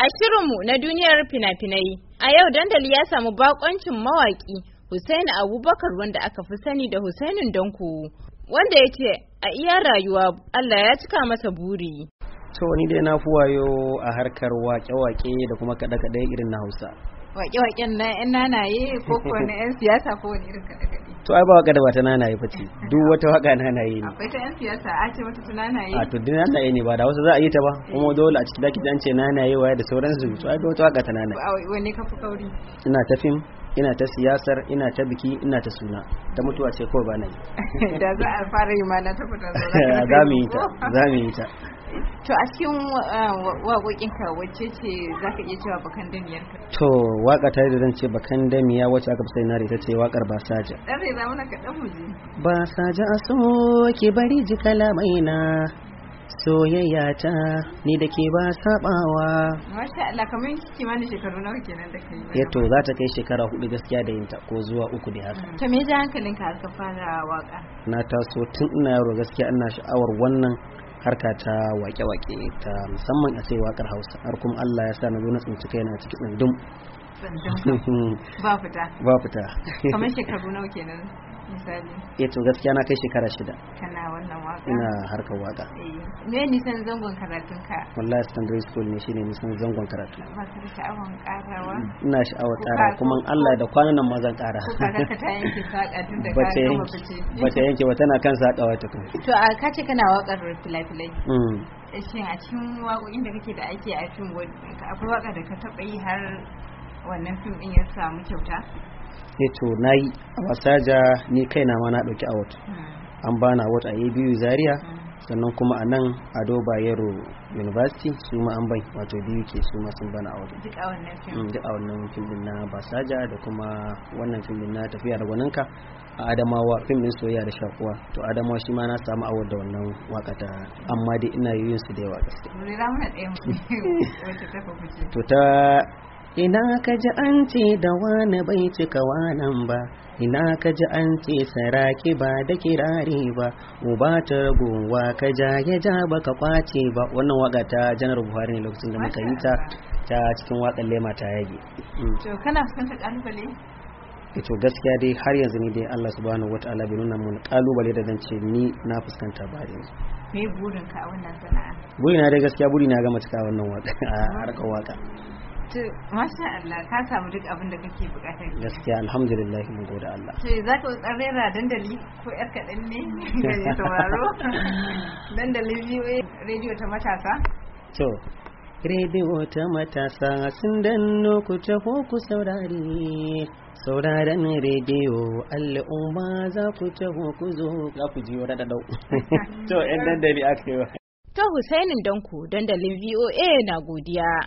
A shirinmu na duniyar fina-finai, a yau dandali ya samu bakoncin mawaƙi Hussein Abubakar wanda aka fi sani da Husainin Danko, wanda ya ce a iya rayuwa Allah ya cika masa buri. To ni dai na fi wayo a harkar wake-wake da kuma kaɗe-kaɗe irin na Hausa. Wake-waken na 'yan nanaye ko ko na 'yan siyasa ko wani irin kaɗe to ai ba waka da ba ta nanaye fa ce duk wata waka nanaye ne akwai ta yan siyasa a ce wata nanaye a to duk nanaye ne ba da wasu za a yi ta ba kuma eh. dole a cikin daki dan ce nanaye waye da su to ai wata waka ta nanaye wanne ka fi kauri ina ta fim ina ta siyasar ina ta biki ina ta suna ta mutuwa ce ko ba nan da za a fara yi ma na tabbata za mu yi ta za mu yi ta to a cikin um, waƙoƙin ka wacce ce za ka iya cewa bakan damiyar ka to waka ta da zan ce bakan damiya wacce aka fi na ita ce wakar ba saja dan rai za mu ba saja a so ke bari ji kalamai na soyayya ta ni da ke ba sabawa masha Allah kamar kimanin shekaru nawa kenan da kai ya eh, to za ta kai shekara hudu gaskiya da yinta ko zuwa uku da haka to me ji hankalin ka ka fara waka na taso tun ina yaro gaskiya ina sha'awar wannan harka ta wake-wake ta musamman a ce wakar hausa har kuma allah ya sa na zo na tsinci kaina cikin tsindin ba fita ba fita kamar shekaru nawa kenan misali eh to gaskiya na kai shekara shida kana wannan waka ina harkar waka eh ni nisan zangon karatun ka wallahi secondary school ne shine nisan zangon karatu ba ka sha'awan karawa ina sha'awar tsara kuma Allah da kwanan nan ma zan kara ka ka ta yanke saka tun da ka ba bace yanke ba tana kan sakawa ta kan to a ka ce kana wakar filafilai mm. eh, shin a cikin waƙoƙin da kake da ake a cikin akwai waka da ka taɓa yi har wannan fim ɗin ya samu kyauta sai to na yi a masaja ni kaina ma na ɗauki awot hmm. an ba na awot a biyu zaria hmm. sannan kuma a nan ado bayero university su ma an bai wato biyu ke su ma sun na awot. duk a wannan fim hmm, na basaja da kuma wannan fim na tafiya da gwaninka a adamawa fim din soyayya da shakuwa to adamawa shi ma na samu awot da wannan wakata amma dai ina yi yin su da yawa gaske to ta Ina ka ji an ce da wani bai cika wanan ba, ina ka ji an ce saraki ba da kirari ba, uba ta ragowa ka ja ya ja ba ka kwace ba wannan waka ta janar Buhari ne lokacin da muka yi ta ta cikin wakan lema ta yage. Mm. To kana fuskantar kalubale? Eh to gaskiya dai har yanzu ni dai Allah subhanahu wataala bai nuna mun kalubale da zan ce ni na fuskanta ba yanzu me burin ka a wannan sana'a burina dai gaskiya burina ga matuka wannan waka a harkar waka to masha Allah ka samu duk abin da kake bukata gaskiya alhamdulillah mun gode Allah to za ka tsarera dandali ko yar kaɗan ne ga ne sauraro dandali VOA radio ta matasa to rediyo ta matasa sun danno ku taho ku saurari sauraron rediyo al'umma za ku taho ku zo za ku ji wani dadau to yan dandali aka yi To Husainin Danko dandalin VOA na godiya.